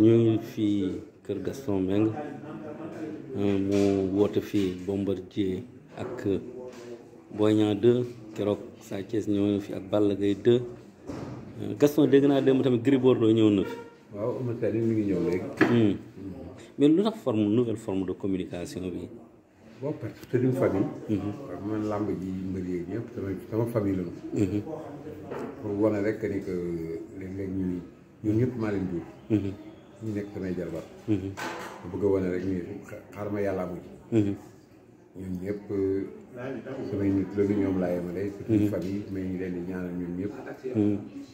ñu ngi fii kër Gaston Mbengue euh, mu woote fii Bombardier ak Boy Niang 2 keroog Sa Thiès ñëw na fi ak Balla Gaye 2 euh, Gaston dégg naa démb tamit Gris Bordeaux ñëw na fi. ngi ñëw léegi. Hmm. mais communication bi. bon parce que hmm. hmm. leen jur. ñu nekk samay jarbaat bu mhm. bëgg a wane rek nii xaar ma yàlla amuñ mhm. ñun ñëpp samay nit loolu ñoom laa yemale surtout mhm. famille mais ñu leen di ñaanal ñun ñëpp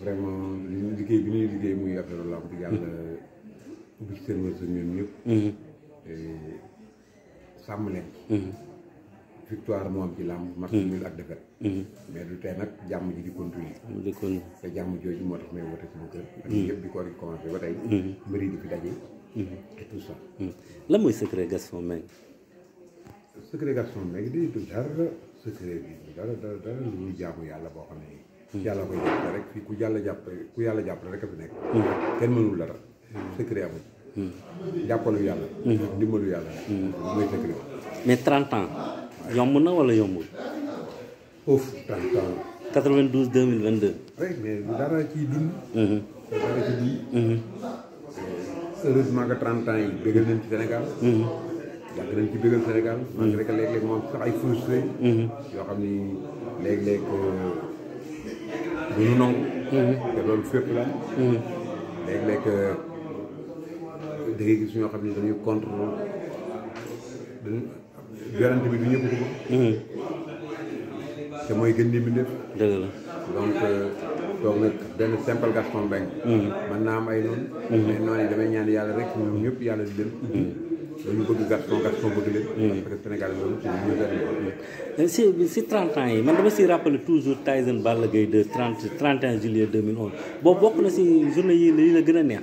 vraiment liñu liggéey bi ñuy liggéey muy affaire lamb yàlla ubbi seen wërsëg ñun ñëpp sàmm leen victoire moo am ci làmb match mm-hmm. nul ak defet mm-hmm. mais du tee nag jàmm ji di continuer te jàmm jooju moo tax may woote sama kër mm-hmm. ak yëpp ba tey mbëri di fi daje et tout ça lan mooy secret Gaston Mbengue secret Gaston Mbengue di du dara secret bi du dara dara dara lu muy jaamu yàlla boo xam ne yàlla koy jàppale ku yàlla jàppale ku yàlla jàppale rek a fi nekk kenn mënul dara secret mais 30 yomb na wala yombul. ouf tant que. 92 2022. oui mais bu dara ciy dund. bu dara ci yi bëggal nañ ci Sénégal. yàgg nañ ci bëggal Sénégal. yoo xam ni léeg-léeg euh, du ñu nangu. te loolu fépp la. Euh, ñoo xam ne dañuy contre yorante bi du ñëpp ko bëgg. Hmm. te mooy gën di bindee. dëgg la donc euh, toog nag benn simple Gaston Mbengue. Hmm. mën naa am ay noonu. Hmm. mais noonu yi damay ñaan yàlla rek ñoom ñëpp yàlla di leen. dañu bëgg Gaston Gaston bëgg leen. parce que Sénégal loolu euh, si si 30 ans yi man dama si rappeler toujours Tyson Balla Gaye de 30 31 juillet 2011 boobu bokk na si journée yi li la gën a neex.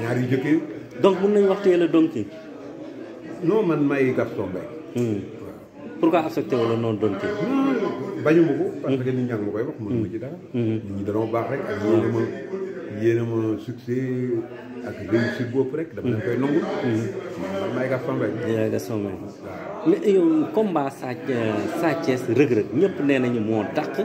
ñaar yu jëkk donc mun nañu wax Théola Donké. non man may Gaston Mbengue. Hmm. pourquoi affecté wala noonu Donké. Hmm. bañu ma ko. parce que nit ñaa ngi ma koy wax. mënu ma hmm. ci dara. nit ñi danoo baax rek ak yéen a ma yéen a ma succès ak rek. dama leen koy nangul. man may Gaston Mbengue. yaa Gaston Mbengue. mais yow combat Sa Sa Thiès Reug Reug moo dàq.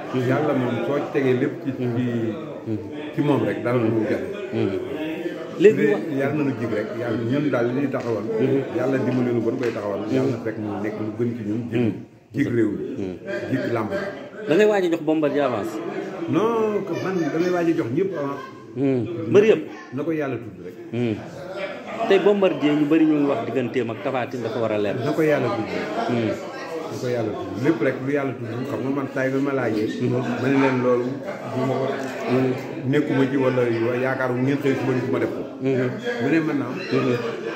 yàlla moom soo tegee lépp ci ci ci moom rek dara lu jafe léegi yàlla na nu jig rek yàlla ñun daal li ñuy taxawal mm-hmm. yàlla dimbali nu bon koy taxawal mm-hmm. yàlla rek nekk lu gën ci ñun jig mm-hmm. jig réew mi jig làmb da ngay waaj a jox Bombardier avance non que man da waaj a jox ñëpp avance mbër na ko yàlla tudd rek tey Bombardier ñu bari ñu wax digganteem ak Tapha Tine ko war a leer na ko yàlla tudd lu ko yàlla tudd lépp rek lu yàlla tudd xam nga man tay bi ma laajee mhm. ma ne leen loolu mhm. nekkuma ci wala yaakaaru ngeen xëy suma ni su ma def ko mhm. mu ne mën naa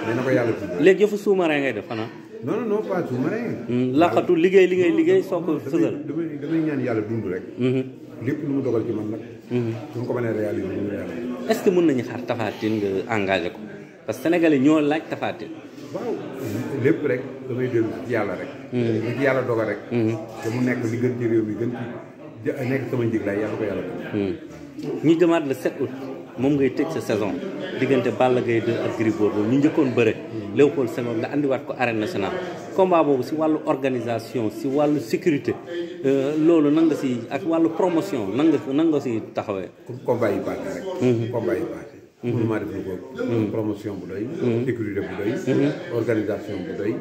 mais na ko yàlla tudd léegi yëfu sous-marin ngay def xanaa liggéey liggéey soo ko sëgal damay damay ñaan yàlla dund rek lépp lu mu dogal ci man nag suñu ko mënee réaliser yàlla est-ce que nañu xaar Tapha nga engagé ko parce que ñoo laaj Tapha waaw lépp rek damay dellu ci yàlla rek. li mm-hmm. ci yàlla dogal rek. Mm-hmm. te mu nekk li gën ci réew nekk sama njëg laay yàlla yàlla ñu demaat la 7 août moom ngay tëj sa saison diggante Balla Gaye 2 ak Gris Bordeaux ñu njëkkoon bëre. Mm-hmm. Léopold Senghor nga indiwaat ko arène national combat boobu si wàllu organisation si wàllu sécurité euh, loolu nan nga si ak wàllu promotion nan nga nan nga si taxawee. combat yi baax rek. mouvement def na ko mm-hmm. promotion bu doy mm-hmm. sécurité bu doy mm-hmm. organisation bu doy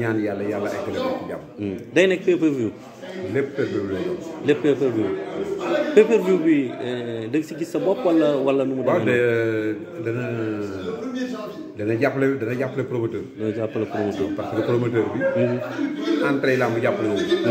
ñaan yàlla yàlla ay télé ci jàmm day nekk pay view lépp pay view lépp pay view pay view bi eh, da si gis sa bopp wala wala nu mu waaw eh, dana dana jàppale dana jàppale promoteur dana jàppale promoteur parce que promoteur bi entrée la mu jàppale wu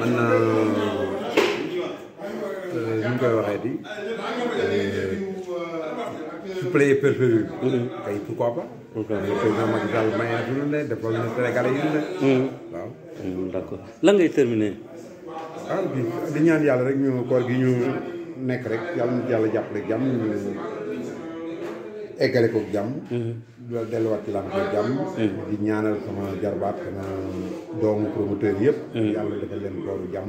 mën na euh, ñu ngi koy waxee di euh, supplé perfeelu bi. Mm-hmm. tey pourquoi pas. pourquoi pas président Macky Sall may na fi lu ne defal na Sénégalais yi lu ne. Mm-hmm. waaw. Mm-hmm, d' accord lan ngay terminer. ah di ñaan yàlla rek ñu koor gi ñu nekk rek yàlla na yàlla jàppale jàmm. eggale ko jàmm. loolu mhm. delluwaat ci làmb ak jàmm. Mhm. di ñaanal sama jarbaat sama doomu promoteur yëpp. Mhm. yàlla defal leen boobu jàmm.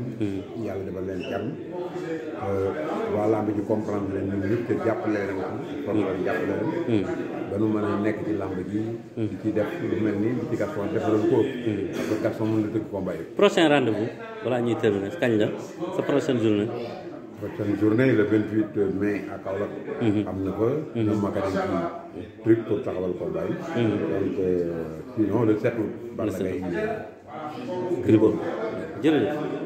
yàlla defal leen jàmm. Euh, waa làmb ji comprendre leen ñun ñëpp te jàppale leen ba nu mën a nekk ci làmb ji. di ci def lu mel ni ci Gaston defaloon ko. parce que Gaston mën na tëgg combat yi. prochain rendez vous balaa ñuy terminer kañ la sa prochaine journée. prochaine journée le 28 mai à Kaolack. Mhm. am na fa. ñu mhm. magasin bi truc pour taxawal combat yi. Mhm. Euh, le 7 août. le 7 août Balla